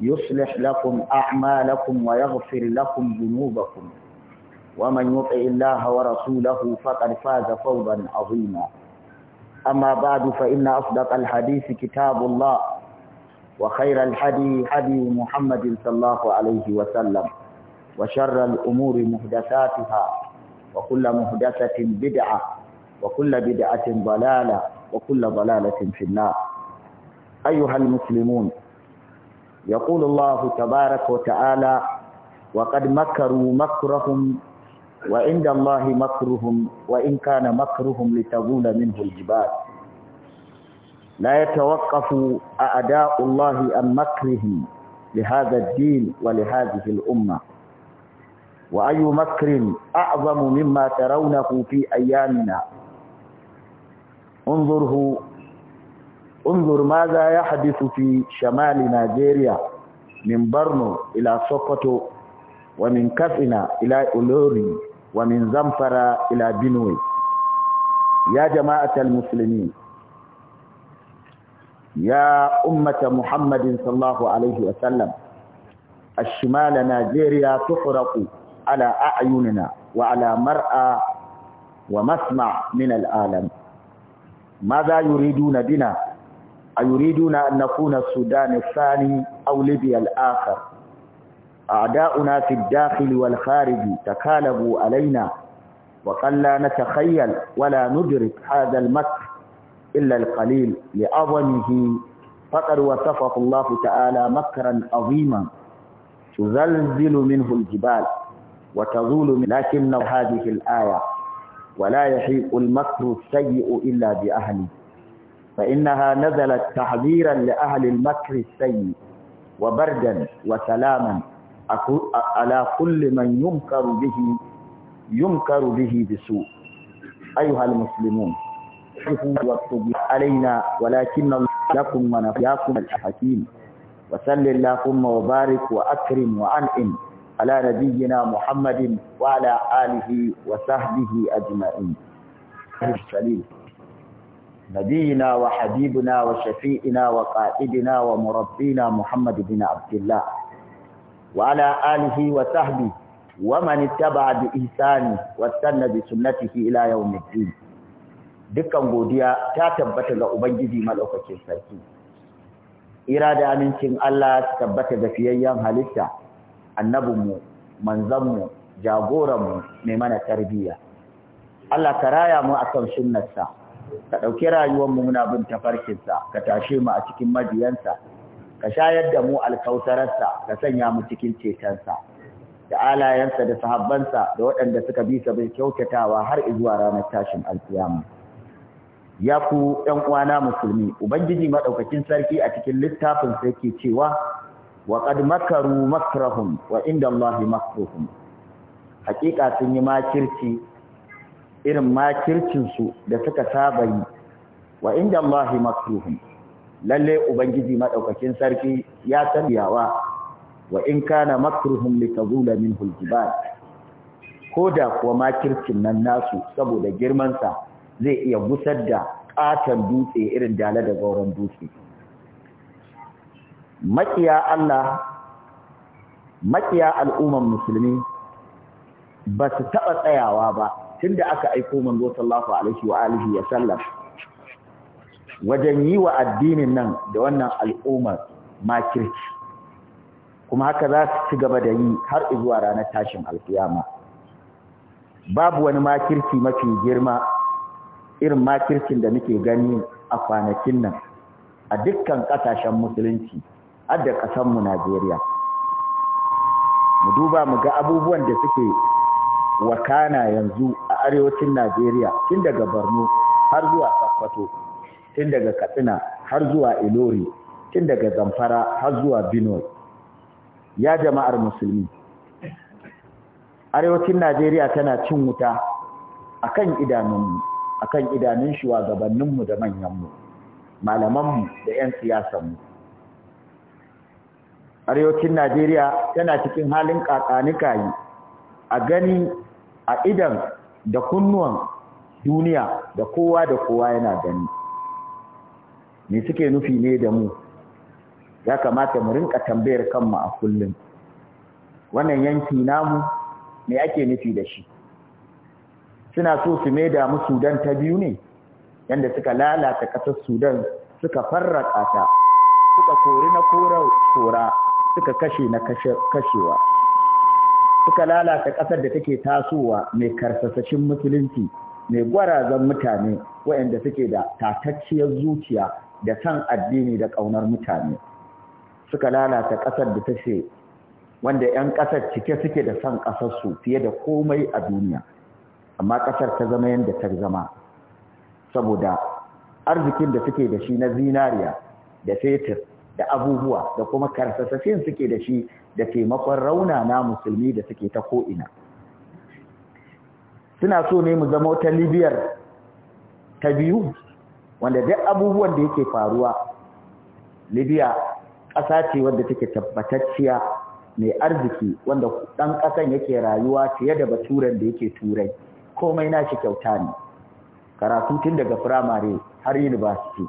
يصلح لكم أعمالكم ويغفر لكم ذنوبكم ومن يطع الله ورسوله فقد فاز فوضا عظيما أما بعد فإن أصدق الحديث كتاب الله وخير الحديث حدي محمد صلى الله عليه وسلم وشر الأمور محدثاتها وكل محدثة بدعة وكل بدعة ضلالة وكل ضلالة في النار أيها المسلمون يقول الله تبارك وتعالى وقد مكروا مكرهم وعند الله مكرهم وإن كان مكرهم لتبول منه الجبال لا يتوقف أعداء الله عن مكرهم لهذا الدين ولهذه الأمة وأي مكر أعظم مما ترونه في أيامنا انظره انظر ماذا يحدث في شمال نيجيريا من برنو إلى سوكوتو ومن كفنا إلى أولوري ومن زنفرة إلى بنوي يا جماعة المسلمين يا أمة محمد صلى الله عليه وسلم الشمال نيجيريا تحرق على أعيننا وعلى مرأى ومسمع من العالم ماذا يريدون بنا أيريدون أن نكون السودان الثاني أو ليبيا الآخر أعداؤنا في الداخل والخارج تكالبوا علينا وقد لا نتخيل ولا ندرك هذا المكر إلا القليل لاظنه فقد وصفه الله تعالى مكرا عظيما تزلزل منه الجبال وتزول من لكن هذه الآية ولا يحيق المكر السيء إلا بأهله فإنها نزلت تحذيرا لأهل المكر السيء وبردا وسلاما على كل من يمكر به يمكر به بسوء أيها المسلمون واكتب علينا ولكن لكم ونفياكم الحكيم وسل اللهم وبارك وأكرم وأنعم على نبينا محمد وعلى آله وصحبه أجمعين السليم نبينا وحبيبنا وشفيئنا وقائدنا ومربينا محمد بن عبد الله وعلى آله وصحبه ومن اتبع بإحسان واستنى بسنته إلى يوم الدين dukkan godiya ta tabbata ga Ubangiji Maɗaukakin Sarki. Ira da amincin Allah ta tabbata ga fiyayyen halitta, annabinmu, manzanmu, jagoranmu mai mana tarbiyya. Allah ka raya mu akan sunnarsa. ka ɗauki rayuwar mu muna bin tafarkinsa ka tashe mu a cikin majiyansa ka shayar da mu alkautararsa ka sanya mu cikin cetonsa da alayensa da sahabbansa da waɗanda suka bi sa bin kyautatawa har zuwa ranar tashin alkiyama ya ku ɗan uwana musulmi ubangiji madaukakin sarki a cikin littafin sa yake cewa wa qad makaru makrahum wa inda allahi makruhum hakika sun yi makirci irin makircinsu da suka saba yi wa inda Allahi makruhum lalle ubangiji madaukakin sarki ya san wa in kana makruhum litazula minhu aljibal koda kuwa makircin nan nasu saboda girman sa zai iya gusar da katan dutse irin dala da gauran dutse makiya Allah makiya al'umman musulmi ba su taba tsayawa ba tunda aka aiko manzo sallallahu alaihi wa alihi wa sallam wajen yi wa addinin nan da wannan al'ummar makirci kuma haka za su ci gaba da yi har zuwa ranar tashin alkiyama babu wani kirki mafi girma irin makircin da muke gani a kwanakin nan a dukkan kasashen musulunci har da mu Najeriya mu duba mu ga abubuwan da suke wakana yanzu a arewacin Najeriya tun daga Borno har zuwa Sokoto tun daga Katsina har zuwa Ilori tun daga Zamfara har zuwa Benue ya jama'ar musulmi arewacin Najeriya tana cin wuta akan idanunmu akan idanun shugabanninmu da manyanmu malamanmu da 'yan siyasanmu arewacin Najeriya tana cikin halin kakanikayi a gani a idan da kunnuwan duniya da kowa da kowa yana gani me suke nufi ne da mu ya kamata mu rinka tambayar kanmu a kullum wannan yanki namu me ake nufi da shi suna so su maida mu Sudan ta biyu ne yanda suka lalata ƙasar Sudan suka farraka ta suka kori na kora suka kashe na kashewa suka lalata ƙasar da take tasowa mai karsasashin musulunci mai gwarazan mutane waɗanda suke da tatacciyar zuciya da san addini da ƙaunar mutane suka lalata ƙasar da take wanda 'yan ƙasar cike suke da san ƙasarsu fiye da komai a duniya amma ƙasar ta zama yadda ta zama saboda arzikin da suke da shi na zinariya da fetur da abubuwa da kuma karsasafin suke da shi da taimakon rauna na musulmi da suke ta ko'ina suna so ne mu zama ta libiyar ta biyu wanda duk abubuwan da yake faruwa libya ƙasa ce wadda take tabbatacciya mai arziki wanda ɗan ƙasan yake rayuwa fiye da baturen da yake turai komai na shi kyauta ne karatu tun daga firamare har university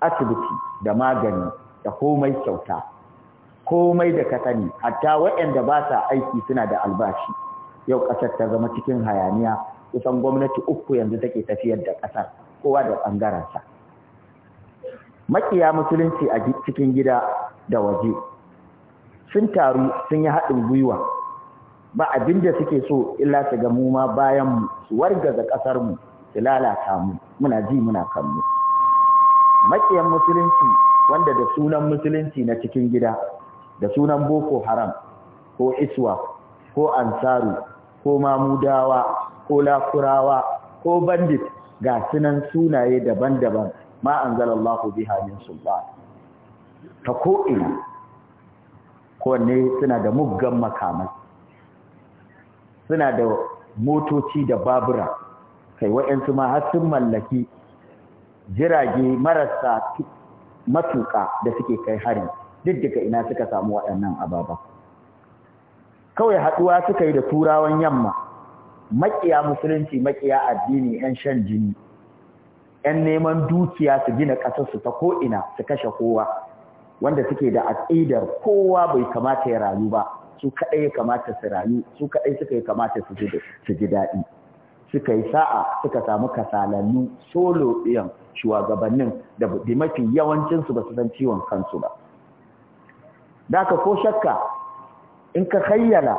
asibiti da magani da komai kyauta komai da katani hatta waɗanda ba sa aiki suna da albashi yau ƙasar ta zama cikin hayaniya kusan gwamnati uku yanzu take tafiyar da ƙasar kowa da ɓangarensa makiya musulunci a cikin gida da waje sun taru sun yi haɗin gwiwa ba abin da suke so illa su ga mu ma bayan mu su wargaza ƙasar mu su lalata mu muna ji muna kallo maƙiyan musulunci wanda da sunan musulunci na cikin gida da sunan boko haram ko iswa ko ansaru ko mamudawa ko lakurawa ko bandit ga sunan sunaye daban-daban ma an allahu biha min sultan ta ko'ina kowanne suna da muggan makamai suna da motoci da babura kai wa'yansu ma har sun mallaki jirage marasa matuƙa da suke kai hari duk daga ina suka samu waɗannan ababa kawai haɗuwa suka yi da turawan yamma maƙiya musulunci maƙiya addini 'yan shan jini 'yan neman dukiya su gina ƙasarsu ta ko'ina su kashe kowa wanda suke da aƙidar kowa bai kamata ya rayu ba su kaɗai ya kamata su rayu su kaɗai suka yi kamata su ji daɗi suka yi sa'a suka samu kasalannu solo ɗiyan Shuwagabannin da mafi yawancinsu ba su san ciwon kansu ba da ka ko shakka in ka hayyala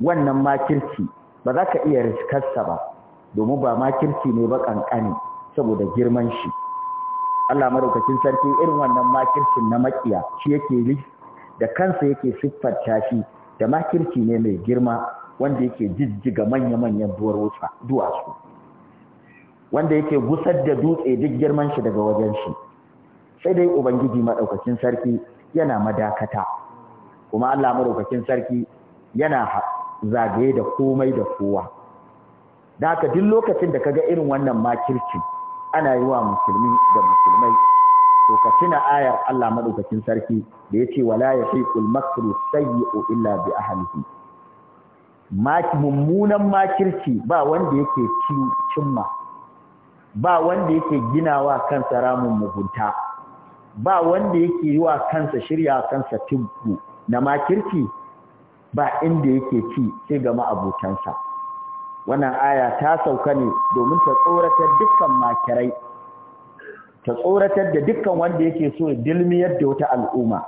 wannan makirci ba za ka iya riskarsa ba domin ba makirci ne ba kankani saboda girman shi Allah madaukakin sarki irin wannan makircin na makiya shi yake da kansa yake siffata shi da makirci ne mai girma wanda yake jijjiga manya-manyan duwatsu wanda yake gusar da dutse duk girman shi daga wajen shi sai dai ubangiji madaukakin sarki yana madakata kuma Allah madaukakin sarki yana zagaye da komai da kowa da haka duk lokacin da kaga irin wannan makirci ana yi wa musulmi da musulmai to ka tuna ayar Allah madaukakin sarki da yace wala yashiqul makru sayyi'u illa bi ahlihi mummunan makirci ba wanda yake cin cimma ba wanda yake gina wa kansa ramin mugunta ba wanda yake yi wa kansa shirya kansa tubu na makirci ba inda yake ci sai ga ma'abutansa wannan aya ta sauka ne domin ta tsoratar dukkan makirai ta tsoratar da dukkan wanda yake so ya dilmiyar da wata al'umma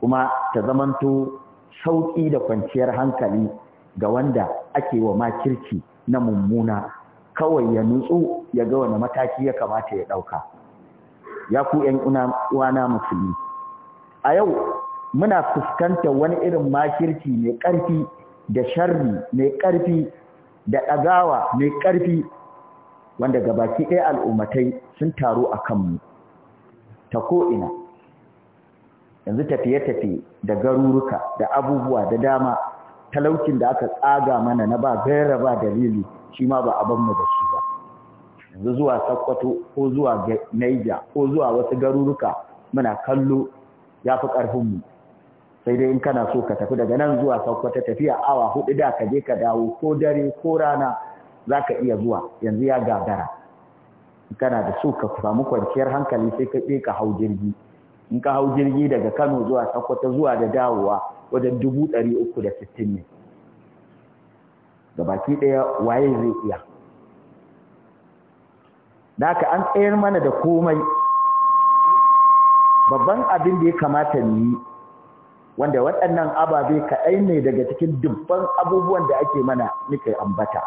kuma ta zamanto sauƙi da kwanciyar hankali ga wanda ake wa makirki na mummuna kawai ya nutsu ya ga wani mataki ya kamata ya ɗauka ya ku ‘yan uwana musulmi a yau muna fuskantar wani irin makirci mai ƙarfi da sharri mai ƙarfi da ɗagawa mai ƙarfi wanda gabaki ɗaya al'ummatai sun taru a kanmu ta ko'ina yanzu tafiye-tafiye da garuruka da abubuwa da dama talaucin da aka tsaga mana na ba gaira ba dalili shi ma ba a ban mu da shi ba yanzu zuwa Sakkwato ko zuwa Niger ko zuwa wasu garuruka muna kallo ya fi ƙarfinmu. mu sai dai in kana so ka tafi daga nan zuwa Sakkwato, tafiya awa hudu da ka je ka dawo ko dare ko rana za ka iya zuwa yanzu ya gagara kana da so ka samu kwanciyar hankali sai ka je ka hau jirgi in ka hau jirgi daga Kano zuwa Sakkwato, zuwa da dawowa wajen dubu ɗari uku da sittin ne ga baki ɗaya waye zai iya Daka an tsayar mana da komai babban abin da ya kamata ni wanda waɗannan ababe kaɗai ne daga cikin dubban abubuwan da ake mana nika ambata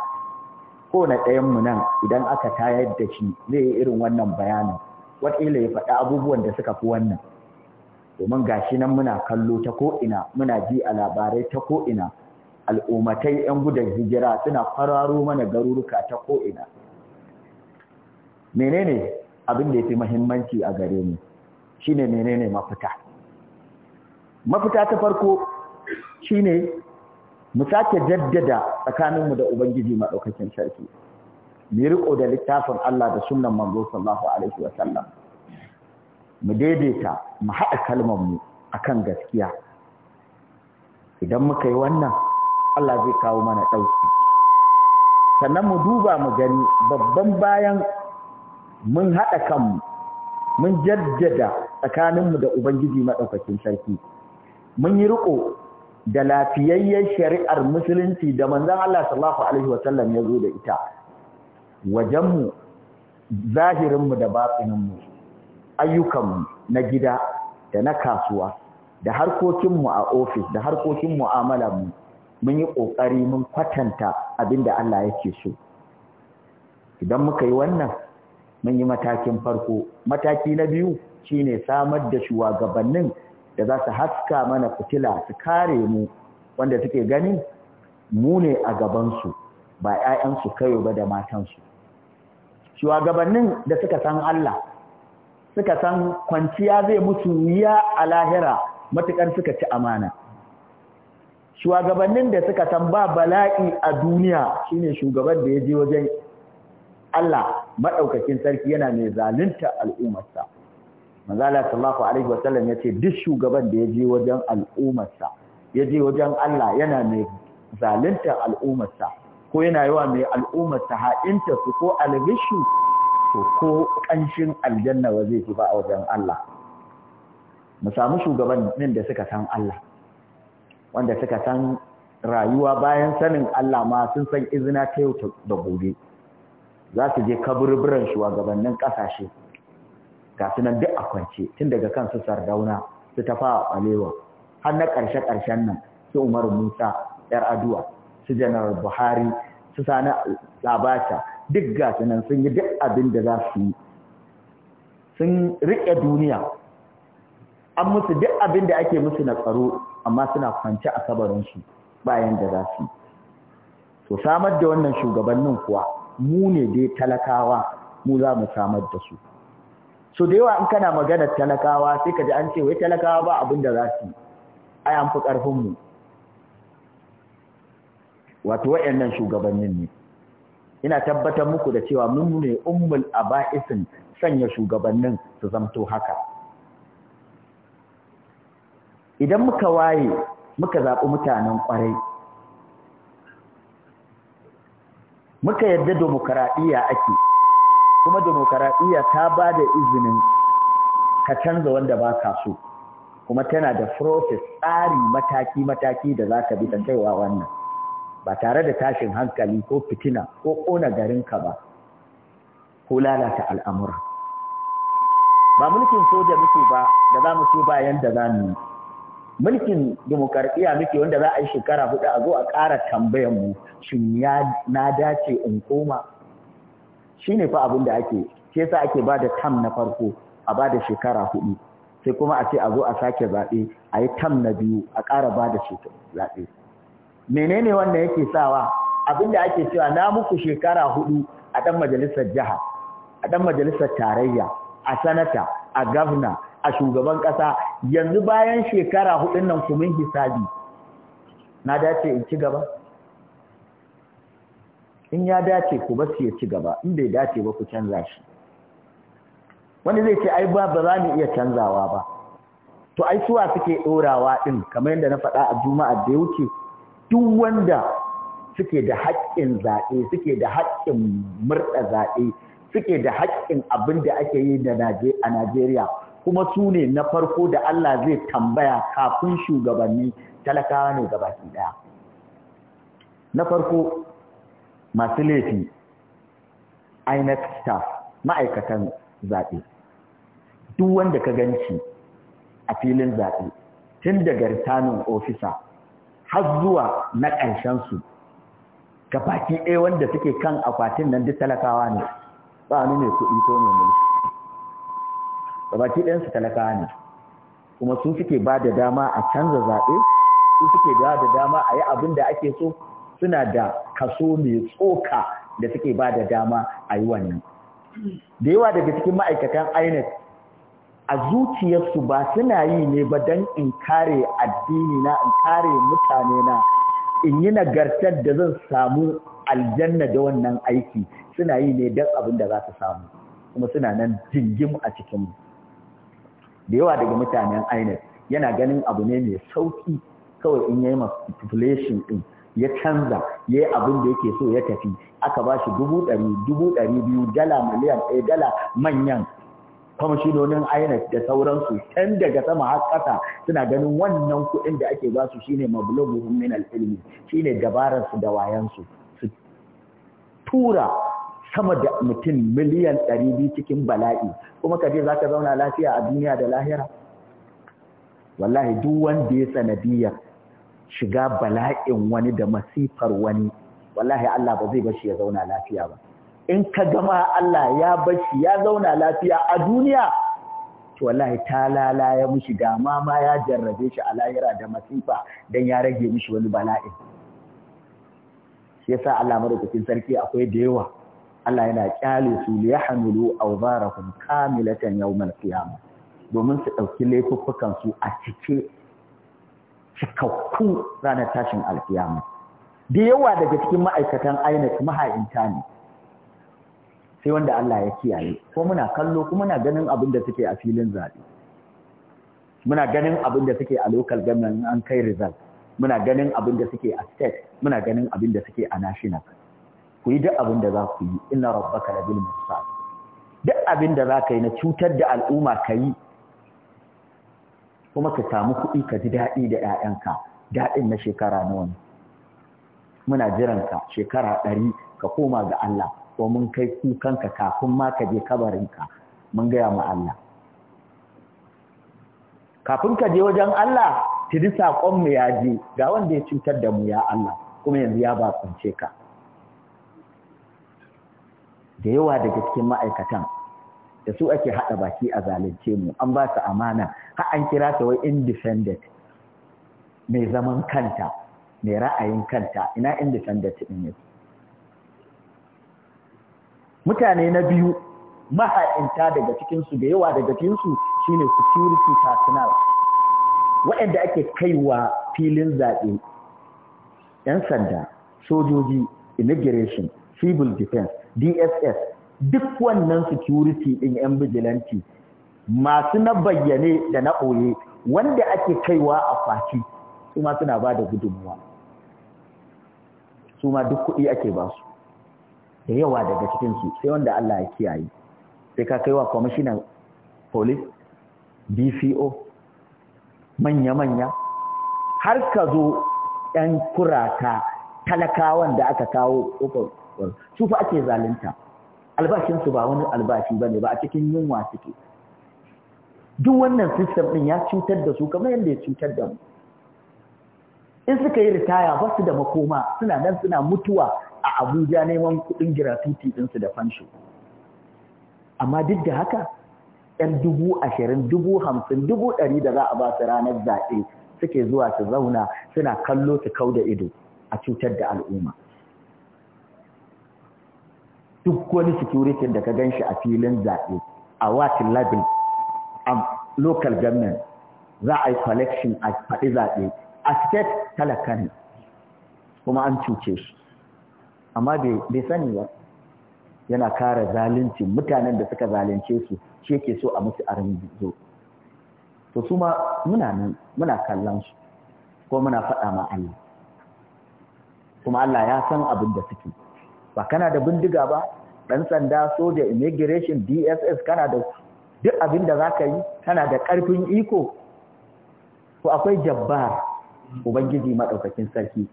kowane mu nan idan aka tayar da shi zai yi irin wannan bayanin wataƙila ya faɗa abubuwan da suka fi wannan domin gashi nan muna kallo ta ko'ina muna ji a labarai ta ko'ina al'ummatai 'yan gudan hijira suna fararo mana garuruka ta ko'ina. Menene abin da ya fi mahimmanci a gare mu shi ne menene mafita. Mafita ta farko shi ne mu sake jaddada tsakaninmu da Ubangiji maɗaukakin sarki. Mu riko da littafin Allah da sunan manzo sallahu Alaihi wasallam. Mu daidaita, mu haɗa kalmarmu a kan gaskiya. Idan muka yi wannan, Allah zai kawo mana ɗauki sannan mu duba mu gani babban bayan mun haɗa kanmu mun jaddada tsakaninmu da Ubangiji maɗaukacin sarki mun yi riƙo da lafiyayyen shari'ar musulunci da manzan Allah sallallahu alaihi wasallam ya zo da ita wajenmu zahirinmu da batsininmu ayyukanmu na gida da na kasuwa da harkokinmu a ofis da harkokin mu'amalarmu mun yi ƙoƙari mun kwatanta abin da Allah yake so idan muka yi wannan mun yi matakin farko mataki na biyu shine samar da shugabannin da za su haska mana fitila su kare mu wanda suke gani mu ne a gabansu ba 'ya'yansu kayo ba da matansu shugabannin da suka san Allah suka san kwanciya zai mutu wuya a lahira matuƙar suka ci amana shugabannin da suka san ba bala'i a duniya shine shugaban da ya je wajen Allah madaukakin sarki yana mai zalunta al'ummarsa manzala sallallahu alaihi wasallam yace duk shugaban da ya je wajen al'ummarsa ya je wajen Allah yana mai zalunta al'ummarsa ko yana yawa mai al'ummarsa ha'inta su ko algishu ko kanshin aljanna ba zai ba a wajen Allah mu samu shugabannin da suka san Allah wanda suka san rayuwa bayan sanin Allah ma sun san izina ta yau da gobe za su je kaburburan shugabannin ƙasashe ga nan duk a kwance tun daga kansu sardauna su tafa a ɓalewa har na ƙarshe-ƙarshen nan su Umar Musa ‘yar aduwa su Janar Buhari su Sani Labata duk ga nan sun yi duk abin da za su yi sun riƙe duniya an musu duk abin da ake musu na tsaro amma suna kwance a sabarinsu bayan da za su to samar da wannan shugabannin kuwa mu ne dai talakawa mu za mu samar da su so da yawa in kana maganar talakawa sai ka ji an ce wai talakawa ba abin da za su ai an fi ƙarfinmu. mu wato wayannan shugabannin ne ina tabbatar muku da cewa mun ne ummul aba'isin sanya shugabannin su zamto haka idan muka waye muka zaɓi mutanen ƙwarai muka yarda demokaraɗiyya ake kuma dimokuraɗiyya ta ba da izinin ka canza wanda ba ka so kuma tana da process tsari mataki-mataki da za ka bi ta kaiwa wannan ba tare da tashin hankali ko fitina ko ƙona garinka ba ko lalata al'amura ba mulkin soja muke ba da za mu so bayan da za mu yi mulkin demokarɗiyya muke wanda za a yi shekara hudu a zo a ƙara tambayan mu shin ya na dace in koma Shi ne fa abin da ake shi yasa ake ba da tam na farko a ba da shekara hudu sai kuma a ce a zo a sake zaɓe a yi tam na biyu a ƙara ba da zaɓe menene wannan yake sawa abin da ake cewa na muku shekara hudu a ɗan majalisar jiha a ɗan majalisar tarayya a sanata a gavna a shugaban ƙasa yanzu bayan shekara hudun nan kumin hisabi na dace in ci gaba in ya dace ku basu ya ci gaba in bai dace ba ku canza shi wani zai ce ai ba ba za mu iya canzawa ba to ai suwa suke ɗorawa ɗin kamar yadda na faɗa a juma'a da ya wuce duk wanda suke da haƙƙin zaɓe suke da haƙƙin murɗa zaɓe suke da haƙƙin abin da ake yi a Najeriya kuma su ne na farko da Allah zai tambaya kafin shugabanni talakawa ne gabaki daya? Na farko masu laifi INEC staff ma'aikatan zaɓe. Duk wanda ka ganci a filin zaɓe tun daga ritanin ofisa har zuwa na ƙarshen ƙarshensu gabaki ɗaya wanda suke kan akwatin nan duk talakawa ne ba ne mai kuɗi ko mai mulki. gabaki su talakawa ne kuma su suke ba da dama a canza zaɓe su suke ba da dama a yi abin da ake so suna da kaso mai tsoka da suke ba da dama a yi wannan da yawa daga cikin ma'aikatan inec a zuciyarsu ba suna yi ne ba don in kare addini na in kare mutane na in yi nagartar da zan samu aljanna da wannan aiki suna yi ne don abin da za su samu kuma suna nan jingim a cikinmu da yawa daga mutanen INEC yana ganin abu ne mai sauki kawai in yayi manipulation din ya canza ya yi abin da yake so ya tafi aka ba shi dubu ɗari dubu ɗari biyu dala miliyan ɗaya dala manyan kwamishinonin INEC da sauransu can daga sama har ƙasa suna ganin wannan kuɗin da ake basu shine mablughum min al-ilmi shine dabarar su da wayansu su tura sama da mutum miliyan ɗari biyu cikin bala'i kuma ka je za ka zauna lafiya a duniya da lahira wallahi duk wanda ya sanadiyar shiga bala'in wani da masifar wani wallahi Allah ba zai bashi ya zauna lafiya ba in ka gama Allah ya bashi ya zauna lafiya a duniya to wallahi ta lala ya mushi dama ma ya jarrabe shi a lahira da masifa dan ya rage mushi wani bala'in shi yasa Allah madaukakin sarki akwai da yawa Allah yana kyale su li yahmilu awzarahum kamilatan yawmal qiyamah domin su dauki laifukan su a cike cikakku ranar tashin alkiyama da yawa daga cikin ma'aikatan INEC maha'inta ne sai wanda Allah ya kiyaye ko muna kallo kuma muna ganin abin da suke a filin zabe muna ganin abin da suke a local government an kai result muna ganin abin da suke a state muna ganin abin da suke a national ku yi duk abin da za ku yi inna rabbaka bil mursal duk abin da za ka yi na cutar da al'umma ka kuma ka samu kuɗi ka ji daɗi da ‘ya'yanka daɗin na shekara nawa ne muna jiranka shekara ɗari ka koma ga Allah ko mun kai kukanka kafin ma ka je kabarinka mun gaya mu Allah kafin ka je wajen Allah tiri saƙon mu ya je ga wanda ya cutar da mu ya Allah kuma yanzu ya bakance ka da yawa daga cikin ma'aikatan da su ake haɗa baki a zalunce mu an ba su amana har an kira ta wai independent mai zaman kanta mai ra'ayin kanta ina independent ɗin ne? mutane na biyu maha'inta daga cikinsu da yawa daga cikinsu shine security personnel waɗanda ake kaiwa filin zaɓe 'yan sanda sojoji immigration civil defense dss duk wannan security din 'yan bijilanti masu na bayyane da na ɓoye wanda ake kaiwa a faci su suna ba da gudunmuwa su ma duk kuɗi ake ba su da yawa daga cikinsu sai wanda Allah ya kiyaye sai ka kaiwa kwamishinan police dco manya-manya har ka zo 'yan kurata talakawan da aka kawo su fa ake zalunta albashinsu ba wani albashi ba ne ba a cikin yunwa suke duk wannan system ɗin ya cutar da su kamar yadda ya cutar da mu in suka yi ritaya ba su da makoma suna nan suna mutuwa a abuja neman kuɗin giratuti ɗinsu da fansho amma duk da haka ‘yan dubu ashirin dubu hamsin dubu ɗari da za a ba su ranar zaɓe suke zuwa su zauna suna kallo su kau da ido a cutar da al'umma duk wani security da ka gan shi a filin zaɓe a watin labin a local government za a yi collection a faɗi zaɓe a state talaka kuma an cuce shi amma bai sani ba yana kara zalunci mutanen da suka zalunce su shi ke so a musu arin zo to su ma muna nan muna kallon su ko muna faɗa ma Allah kuma Allah ya san abin da suke ba kana da bindiga ba ɗan sanda soja immigration dss kana da duk abin da za ka yi kana da ƙarfin iko Ko akwai jabbar ubangiji maɗaukakin sarki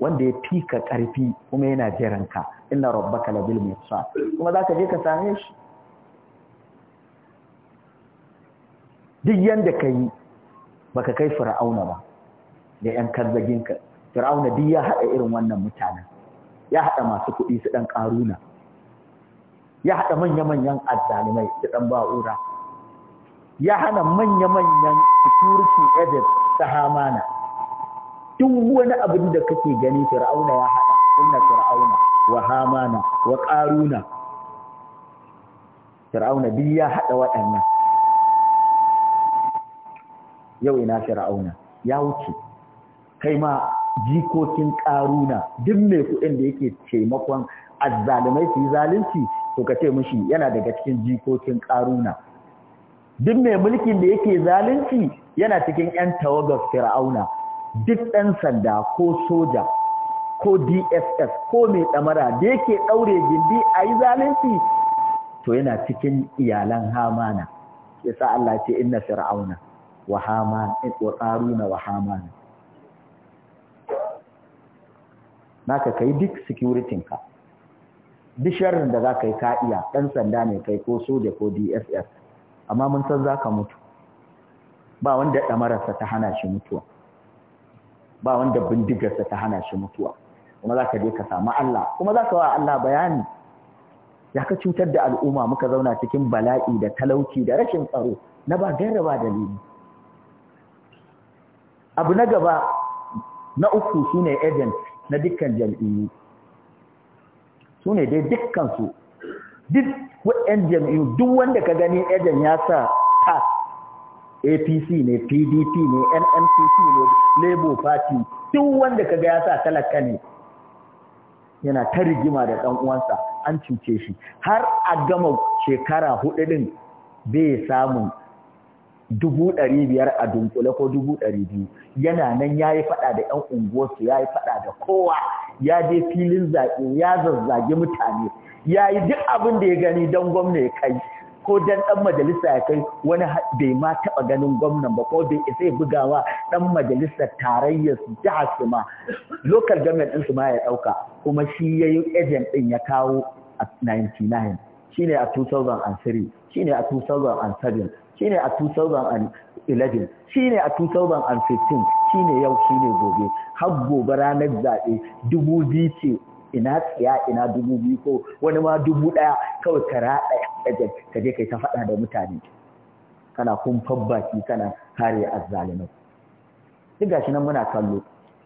wanda ya fika ƙarfi kuma yana jiranka inna rabbaka labil musa kuma za ka je ka same shi duk yanda ka yi baka kai fir'auna ba da 'yan kanzaginka fir'auna duk ya haɗa irin wannan mutanen ya haɗa masu kuɗi su ɗan ƙaruna ya haɗa manya-manyan addalimai su ɗan ba'ura ya hana manya-manyan turki agent ta hamana duk wani abin da kake gani fir'auna ya haɗa inna fir'auna wa hamana wa ƙaruna fir'auna biyu ya haɗa waɗannan yau ina fir'auna ya wuce kai ma jikokin ƙaruna duk mai kuɗin da yake taimakon azzalumai su yi zalunci to ka ce mushi yana daga cikin jikokin ƙaruna duk mai mulkin da yake zalunci yana cikin 'yan tawagar fir'auna duk ɗan sanda ko soja ko dss ko mai ɗamara da yake ɗaure gindi a yi zalunci to yana cikin iyalan hamana yasa Allah ce inna fir'auna wa hamana wa ƙaruna wa hamana naka kai duk security ka duk sharrin da za ka yi ka iya ɗan sanda ne kai ko soja ko dss amma mun san za ka mutu ba wanda ɗamararsa ta hana shi mutuwa ba wanda bindigarsa ta hana shi mutuwa kuma za ka je ka samu Allah kuma za ka wa Allah bayani ya ka cutar da al'umma muka zauna cikin bala'i da talauci da rashin tsaro na ba gaira ba dalili abu na gaba na uku shine agent na dukkan jam'iyyu su ne dai dukkansu duk waɗannan jam'iyyu duk wanda ka gani ejen ya sa a apc ne pdp ne nmpc ne labour party duk wanda ka ga ya sa talaka ne yana ta rigima da ɗan uwansa an cuce shi har a gama shekara hudu din bai samun dubu ɗari biyar a dunkule ko dubu ɗari biyu yana nan ya yi faɗa da ‘yan unguwarsu ya yi faɗa da kowa ya je filin zaɓe ya zazzage mutane ya yi duk abin da ya gani don gwamna ya kai ko don ɗan majalisa ya kai wani bai ma taɓa ganin gwamnan ba ko bai isa ya buga wa ɗan majalisa tarayyar su jihar su ma local government ɗinsu ma ya ɗauka kuma shi ya yi agent ɗin ya kawo a 99 shine a 2003 shine a 2007 shine a 2011 shine a 2015 shine yau shine gobe har gobe ranar zaɓe dubu biyu ce ina tsiya ina dubu biyu ko wani ma dubu ɗaya kawai ka raɗa ka je kai ta faɗa da mutane kana kumfan baki kana kare azzalimai duk gashi nan muna kallo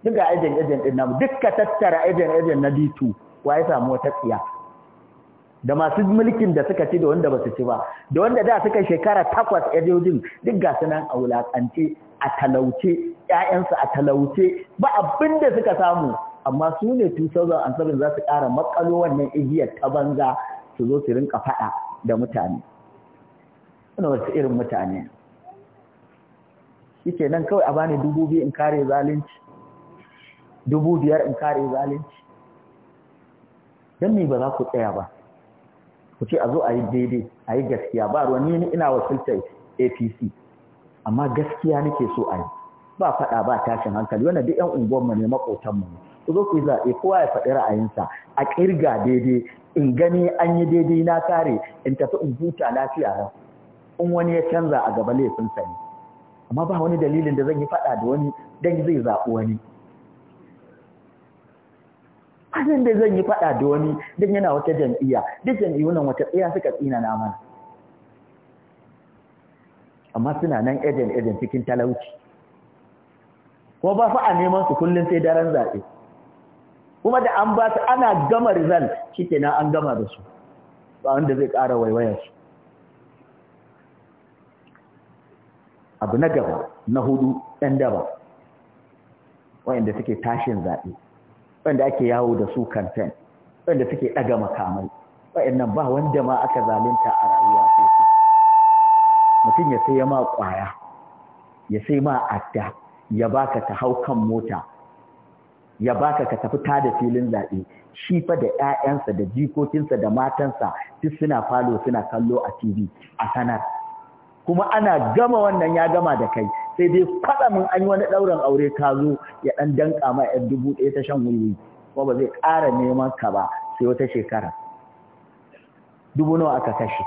duk ga ejen ejen ɗin namu duk ka tattara ejen ejen na D2 wa ya samu wata tsiya da masu mulkin da suka ci da wanda ba su ci ba da wanda da suka shekara takwas edodin duk ga su nan a wulakance a talauce ƴaƴansu a talauce ba abin da suka samu amma su ne 2007 za su ƙara makalo wannan igiyar ta banza su zo su rinka faɗa da mutane suna wasu irin mutane shike nan kawai a bani dubu biyu in kare zalunci dubu biyar in kare zalunci don me ba za ku tsaya ba ku ce a zo a yi daidai a yi gaskiya ba ruwa ni ina wakiltar apc amma gaskiya nake so a yi ba faɗa ba tashin hankali wannan duk 'yan unguwarmu ne maƙotanmu ne ku zo ku yi zaɓe kowa ya faɗi ra'ayinsa a ƙirga daidai in gani an yi daidai na kare in tafi in huta lafiya ran in wani ya canza a gaba laifinsa ne amma ba wani dalilin da zan yi faɗa da wani dan zai zaɓi wani abin da zan yi faɗa da wani don yana wata jam'iyya duk jam'iyyunan wata tsaya suka tsina na mana amma suna nan ejen ejen cikin talauci ko ba fa a neman su kullum sai daren zaɓe kuma da an ba su ana gama result shike na an gama da su ba wanda zai ƙara waiwaya su abu na gaba na hudu ɗan daba wa'inda suke tashin zaɓe wanda ake yawo da su kanten wanda suke ɗaga makamai wa'annan ba wanda ma aka zalunta a rayuwa ko su mutum ya sai ya ma ƙwaya ya sai ma adda ya baka ta hau kan mota ya baka ka tafi tada filin zaɓe shi fa da ƴaƴansa da jikokinsa da matansa duk suna falo suna kallo a TV a sanar kuma ana gama wannan ya gama da kai sai dai faɗa min an yi wani ɗaurin aure ka zo ya ɗan danƙa ma ‘yan dubu ɗaya ta shan wuri kuma ba zai ƙara neman ka ba sai wata shekara dubu nawa aka kashe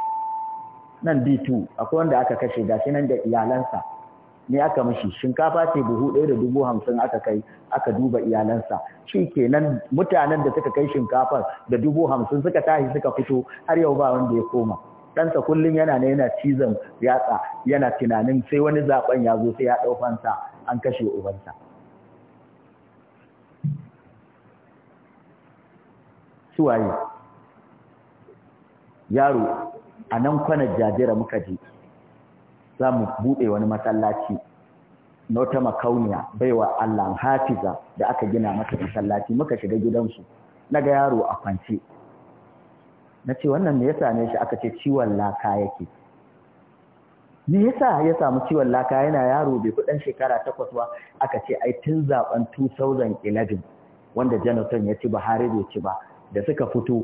nan b 2 akwai wanda aka kashe shi nan da iyalansa ne aka mishi shinkafa ce buhu ɗaya da dubu hamsin aka kai aka duba iyalansa shi kenan mutanen da suka kai shinkafar da dubu hamsin suka tashi suka fito har yau ba wanda ya koma ɗansa kullum yana ne yana cizon yatsa yana tunanin sai wani zaben ya zo sai ya ɗaufansa an kashe ubansa suwaye yaro a nan kwanar jajira muka ji za mu buɗe wani masallaci na wata makauniya baiwa Allah hafiza da aka gina mata masallaci muka shiga gidansu na ga yaro a kwance na ce wannan me ya same shi aka ce ciwon laka yake me sa ya samu ciwon laka yana yaro bai kudin shekara takwas ba aka ce ai tun zaben 2011 wanda Jonathan ya ci Buhari bai ci ba da suka fito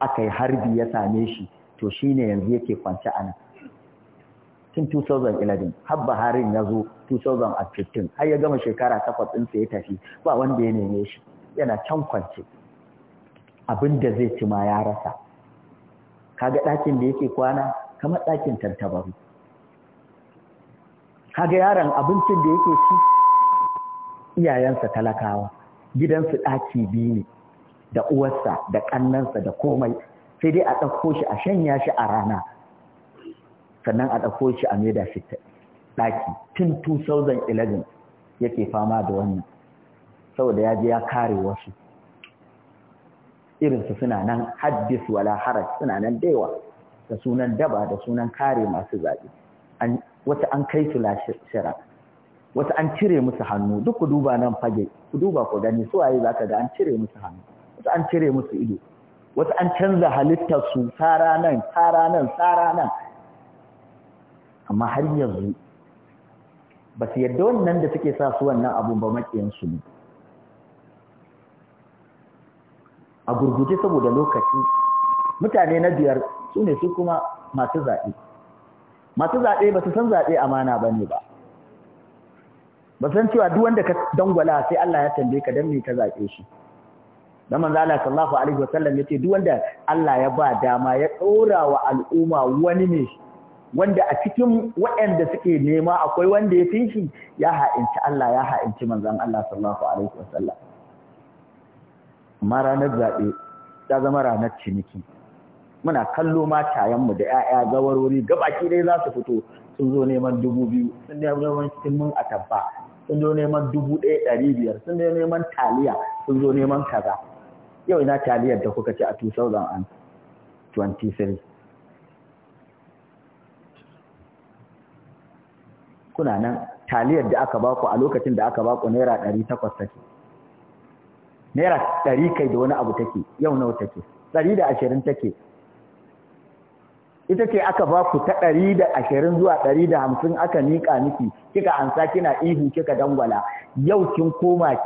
aka yi harbi ya same shi to shine yanzu yake kwance a nan tun 2011 har Buhari ya zo 2015 har ya gama shekara takwas in sai ya tafi ba wanda ya neme shi yana can kwance abin da zai ci ma ya rasa kaga ɗakin da yake kwana kamar ɗakin tantabaru kaga yaron abincin da yake ci iyayensa talakawa gidansu ɗaki biyu ne da uwarsa da ƙannansa da komai sai dai a ɗauko shi a shanya shi a rana sannan a ɗauko shi a maida shi ɗaki tun 2011 yake fama da wannan saboda ya je ya kare wasu irinsu suna nan haddis wala haraj suna nan daiwa da sunan daba da sunan kare masu zaɓe wata an kai su lashira wata an cire musu hannu duk ku duba nan fage ku duba ku gani su waye za ga an cire musu hannu wata an cire musu ido wata an canza halittar su tsara nan tsara nan tsara nan amma har yanzu ba su yadda wannan da suke sa su wannan abun ba maƙiyansu ne a gurguje saboda lokaci mutane na biyar su ne su kuma masu zaɓe masu zaɓe ba su san zaɓe amana ba ne ba ba san cewa duk wanda ka dangwala sai Allah ya tambaye ka dan me ka zaɓe shi dan manzo Allah sallallahu alaihi wasallam yace duk wanda Allah ya ba dama ya tsorawa wa al'umma wani ne wanda a cikin waɗanda suke nema akwai wanda ya fi shi ya ha'inci Allah ya ha'inci manzon Allah sallallahu alaihi wasallam amma ranar zaɓe ta zama ranar ciniki muna kallo matayenmu da 'ya'ya gawarori gabaki dai za su fito sun zo neman dubu biyu sun neman cikin a tabba sun zo neman dubu ɗaya ɗari biyar sun zo neman taliya sun zo neman kaza yau ina taliyar da kuka ci a 2023 kuna nan taliyar da aka baku a lokacin da aka baku naira ɗari takwas take naira ɗari kai da wani abu take yau nawa take ɗari da ashirin take ita ce aka ba ku ta ɗari da ashirin zuwa ɗari da hamsin aka miƙa miki kika ansa kina ihu kika dangwala yau kin koma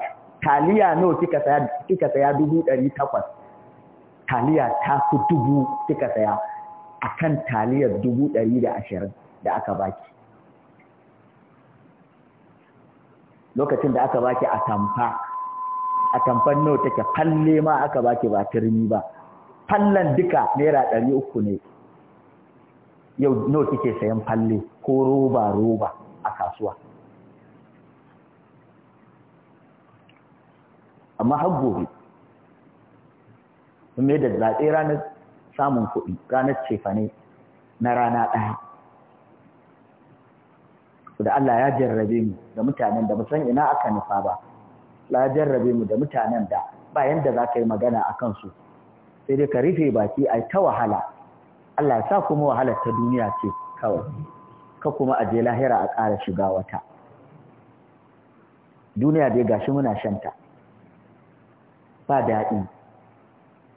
taliya nawa kika saya kika saya dubu ɗari takwas taliya ta fi dubu kika saya akan taliyar dubu ɗari da ashirin da aka baki lokacin da aka baki a tamfa a tamfan nawa take falle ma aka baki ba turmi ba fallan duka naira ɗari uku ne yau nawa kike sayan falle ko roba roba a kasuwa amma har gobe me da zaɓe ranar samun kuɗi ranar cefane na rana ɗaya da Allah ya jarrabe mu da mutanen da musan ina aka nufa ba la jarrabe mu da mutanen da ba yanda za ka yi magana a kansu sai dai ka rufe baki a ta wahala Allah ya sa kuma wahalar ta duniya ce kawai ka kuma aje lahira a ƙara shiga wata duniya dai gashi muna shanta ba daɗi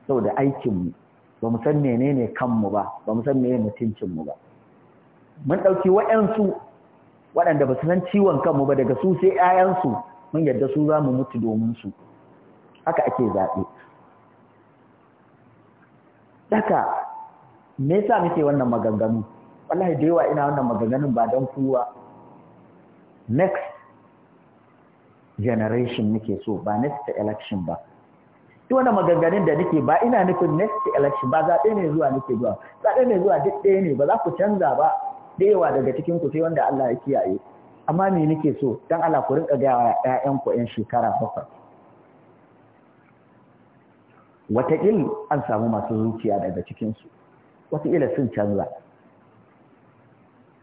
saboda aikinmu ba mu san menene kanmu ba ba mu san menene mutuncinmu ba mun ɗauki wa'yansu waɗanda ba su san ciwon kanmu ba daga su sai 'ya'yansu mun yadda su za mu mutu domin su haka ake zaɓe daga me sa muke wannan maganganu wallahi da yawa ina wannan maganganun ba don kowa next generation muke so ba next election ba duk wannan maganganun da nake ba ina nufin next election ba zaɓe ne zuwa nake zuwa zaɓe ne zuwa duk ɗaya ne ba za ku canza ba da yawa daga cikin ku sai wanda Allah ya kiyaye amma me nake so dan Allah ku rinka ga ƴaƴan ku ƴan shekara bakwai wataƙil an samu masu zuciya daga cikinsu wataƙila sun canza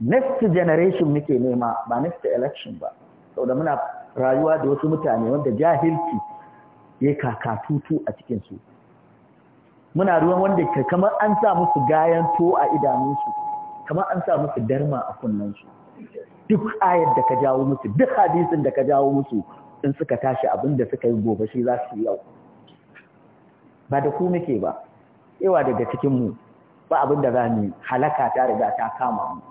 next generation muke nema ba next election ba saboda muna rayuwa da wasu mutane wanda jahilci ya kakatutu a cikinsu muna ruwan wanda kamar an sa musu gayan to a idanunsu kamar an sa musu darma a kunnen su. duk ayar da ka jawo musu duk hadisin da ka jawo musu in suka tashi abin da suka yi gobe shi za su yau ba da ku muke ba yawa daga cikinmu ba abin da za mu halaka ta riga ta kama mu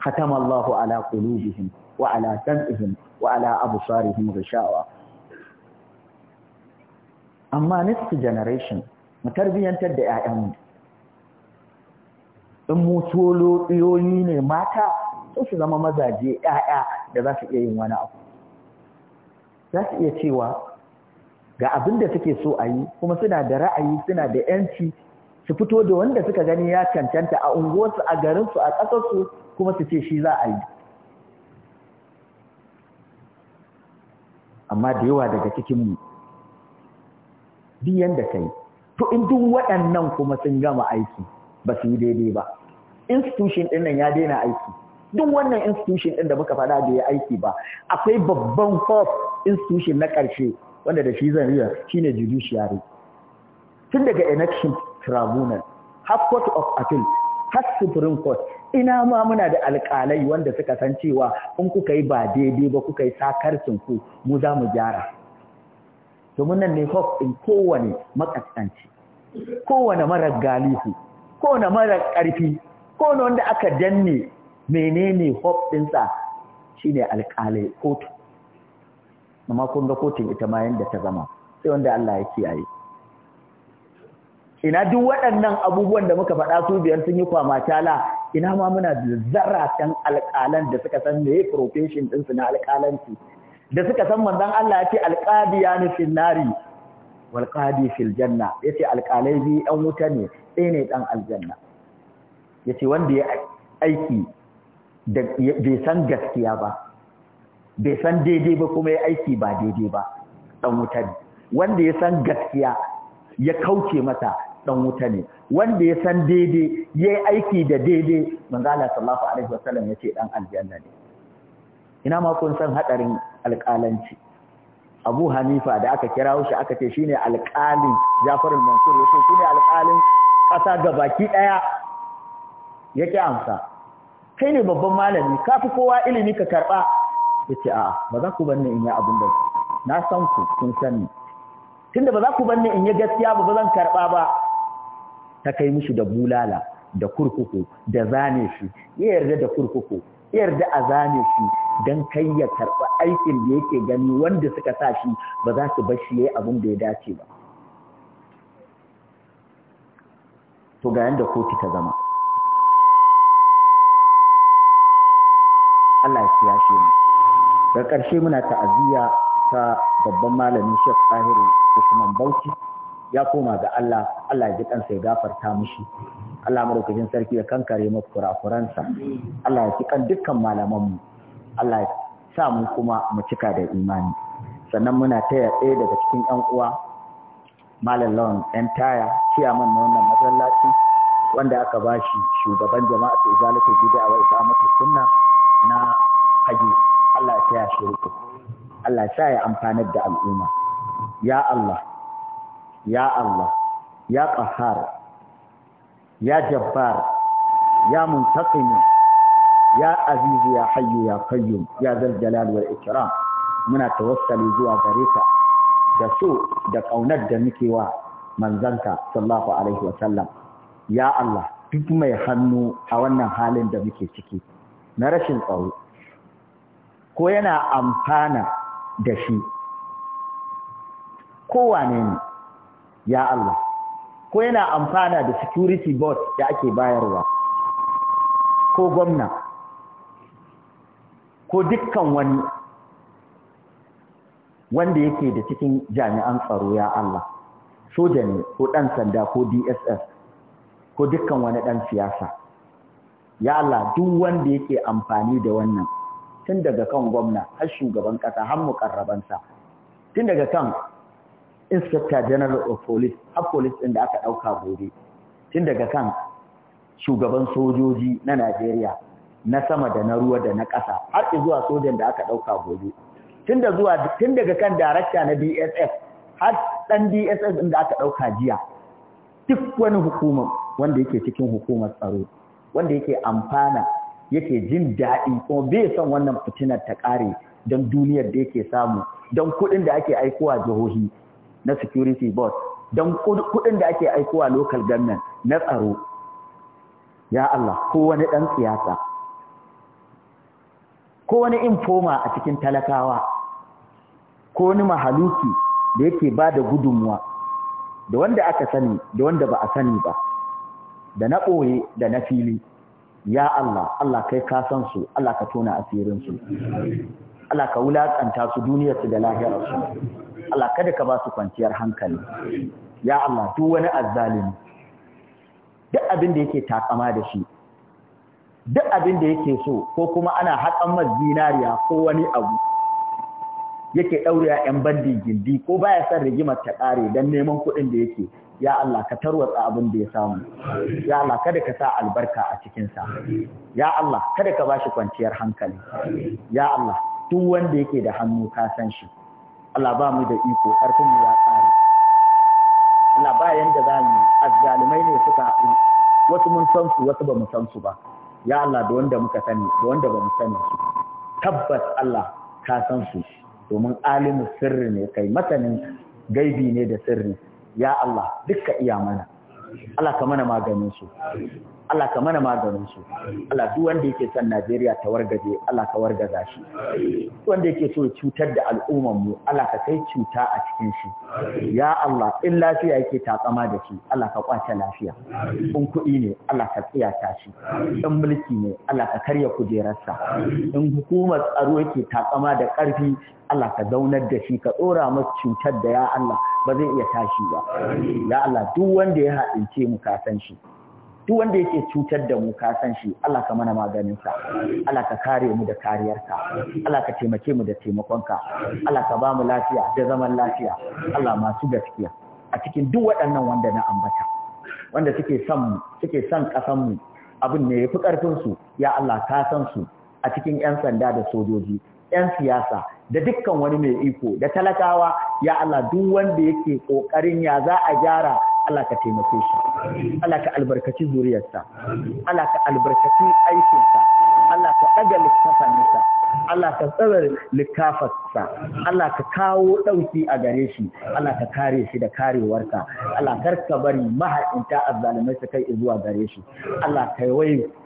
khatama Allahu ala qulubihim wa ala sam'ihim wa ala absarihim rishawa amma next generation mu tarbiyantar da ƴaƴanmu in mu tolo ne mata sai su zama mazaje ƴaƴa da za su iya yin wani abu za su iya cewa ga abin da suke so a yi kuma suna da ra'ayi suna da yanci su fito da wanda suka gani ya cancanta a unguwarsu a garinsu a ƙasarsu kuma su ce shi za a yi amma da yawa daga cikinmu duk yanda ka yi to in duk waɗannan kuma sun gama aiki ba su yi daidai ba institution ɗinnan ya daina aiki duk wannan institution ɗin da muka faɗa da ya aiki ba akwai babban fourth institution na ƙarshe wanda da shi zan riya shine judiciary tun daga election tribunal half court of appeal har supreme court ina ma muna da alƙalai wanda suka san cewa in kuka yi ba daidai ba kuka yi sakarcin ku mu za mu gyara domin nan ne hope ɗin kowane makasanci kowane marar galihu kowane marar ƙarfi kowane wanda aka danne menene hope ɗinsa shine alƙalai kotu amma kun ga kotun ita ma yanda ta zama sai wanda Allah ya kiyaye ina duk waɗannan abubuwan da muka faɗa su biyar sun yi kwama tala ina ma muna da zaratan alƙalan da suka san meye profession ɗinsu na alƙalanci da suka san manzon Allah ya ce ya ni fil nari wal qadi fil janna yace alƙalai bi ɗan wuta ne sai ne ɗan aljanna yace wanda ya aiki bai san gaskiya ba bai san daidai ba kuma ya aiki ba daidai ba dan wuta ne wanda ya san gaskiya ya kauce mata ɗan wuta ne wanda ya san daidai ya yi aiki da daidai mangala sallallahu alaihi wasallam ya ce dan aljanna ne ina ma kun san hadarin alƙalanci Abu Hanifa da aka kira shi aka ce shine alƙalin Jafar al-Mansur yace shine alƙalin ƙasa ga baki ɗaya ya yake amsa kai ne babban malami kafi kowa ilimi ka karɓa ya ce a'a ba za ku banne in yi abin da na san ku kun sani tunda ba za ku banne in yi gaskiya ba ba zan karɓa ba ta kai mishi da bulala da kurkuku da zane shi ya yarda da kurkuku ya yarda a zane shi don kai ya aikin da yake gani wanda suka sa shi ba za su bar shi ya yi abin da ya dace ba to ga yanda kotu ta zama Allah ya shi mu daga ƙarshe muna ta'aziyya ta babban malamin Sheikh Tahiru Usman Bauchi ya koma ga Allah Allah ya ji kansa ya gafarta mishi Allah marokacin sarki ya kankare mu kurakuransa Allah ya ci kan dukkan malaman mu Allah ya sa mu kuma mu cika da imani sannan muna taya ɗaya daga cikin ƴan uwa Malam Lawan ɗan taya ciyaman na wannan masallaci wanda aka bashi shugaban jama'a ta izalatu bid'a wa iqamatu sunna na haji Allah ya taya Allah ya ya amfanar da al'umma ya Allah ya Allah ya ya jabbar ya muntaqim ya aziz ya hayyu ya qayyum ya zal jalal wal ikram muna tawassali zuwa gare ka da so da kaunar da muke wa manzanka sallallahu alaihi wa sallam ya Allah duk mai hannu a wannan halin da muke ciki na rashin tsaro ko yana amfana da shi kowane ne ya Allah ko yana amfana da security board da ake bayarwa ko gwamna ko dukkan wani wanda yake da cikin jami'an tsaro ya Allah soja ne ko ɗan sanda ko DSS ko dukkan wani ɗan siyasa ya Allah duk wanda yake amfani da wannan tun daga kan gwamna har shugaban ƙasa har mukarrabansa tun daga kan inspector general of police har police ɗin da aka ɗauka gobe tun daga kan shugaban sojoji na Najeriya na sama da na ruwa da na ƙasa har zuwa sojan da aka ɗauka gobe tun da zuwa tun daga kan darakta na DSS har dan DSS ɗin da aka ɗauka jiya duk wani hukuma wanda yake cikin hukumar tsaro wanda yake amfana yake jin daɗi kuma bai son wannan fitinar ta ƙare don duniyar da yake samu don kuɗin da ake aikowa jihohi na security board don kuɗin da ake aikowa local government na tsaro ya Allah ko wani ɗan siyasa ko wani infoma a cikin talakawa ko wani mahaluki da yake ba da gudunmuwa da wanda aka sani da wanda ba a sani ba da na ɓoye da na fili ya Allah Allah kai ka san su Allah ka tona asirin su Allah ka wulaƙanta su duniyar su da lahirarsu, Allah kada ka ba su kwanciyar hankali ya Allah duk wani azzalimi duk abin da yake takama da shi duk abin da yake so ko kuma ana haƙan zinariya ko wani abu yake ɗaure ‘yan bandin gindi ko baya son rigimar ta ƙare don neman kuɗin da yake ya Allah ka tarwatsa abin da ya samu ya Allah kada ka sa albarka a cikin sa ya Allah kada ka bashi kwanciyar hankali ya Allah duk wanda yake da hannu ka san shi Allah ba mu da iko karfin mu ya tsare Allah ba yanda za mu azzalumai ne suka haɗu wasu mun san su wasu ba mu san su ba ya Allah da wanda muka sani da wanda ba mu sani su tabbas Allah ka san su domin alimu sirri ne kai masanin gaibi ne da sirri ya Allah ka iya mana Allah ka mana maganin su Allah ka mana maganin su Allah duk wanda yake son Najeriya ta wargaje Allah ka wargaza shi duk wanda yake so cutar da al'umman mu Allah ka kai cuta a cikin shi ya Allah in lafiya yake takama da shi Allah ka kwace lafiya in kuɗi ne Allah ka tsiyata shi in mulki ne Allah ka karya kujerarsa in hukumar tsaro yake takama da ƙarfi Allah ka zaunar da shi ka ɗora masa cutar da ya Allah ba zai iya tashi ba ya Allah duk wanda ya haɗince mu ka san shi duk wanda yake cutar da mu ka san shi Allah ka mana maganin sa Allah ka kare mu da kariyar ka. Allah ka taimake mu da taimakon ka. Allah ka ba mu lafiya da zaman lafiya Allah masu gaskiya a cikin duk waɗannan wanda na ambata wanda suke son suke san kasan mu abin ne yafi karfin su ya Allah ka san su a cikin yan sanda da sojoji yan siyasa da dukkan wani mai iko da talakawa ya Allah duk wanda yake kokarin ya za a gyara Allah ka taimake shi Allah ka albarkaci zuriyarsa Allah ka albarkaci aikinsa Allah ka ɗaga littafansa Allah ka tsara likafarsa Allah ka kawo ɗauki a gare shi Allah ka kare shi da karewarka Allah kar ka bari mahaɗinta azzalumai su kai zuwa gare shi Allah ka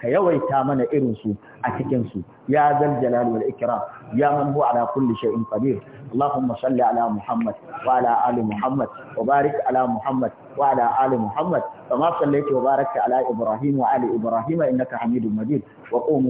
yawaita mana irin su a cikin su ya zal jalali wal ikram ya man huwa ala kulli shay'in qadir اللهم صل على محمد وعلى آل محمد وبارك على محمد وعلى آل محمد كما صليت وباركت على إبراهيم وعلى إبراهيم إنك حميد مجيد وقوموا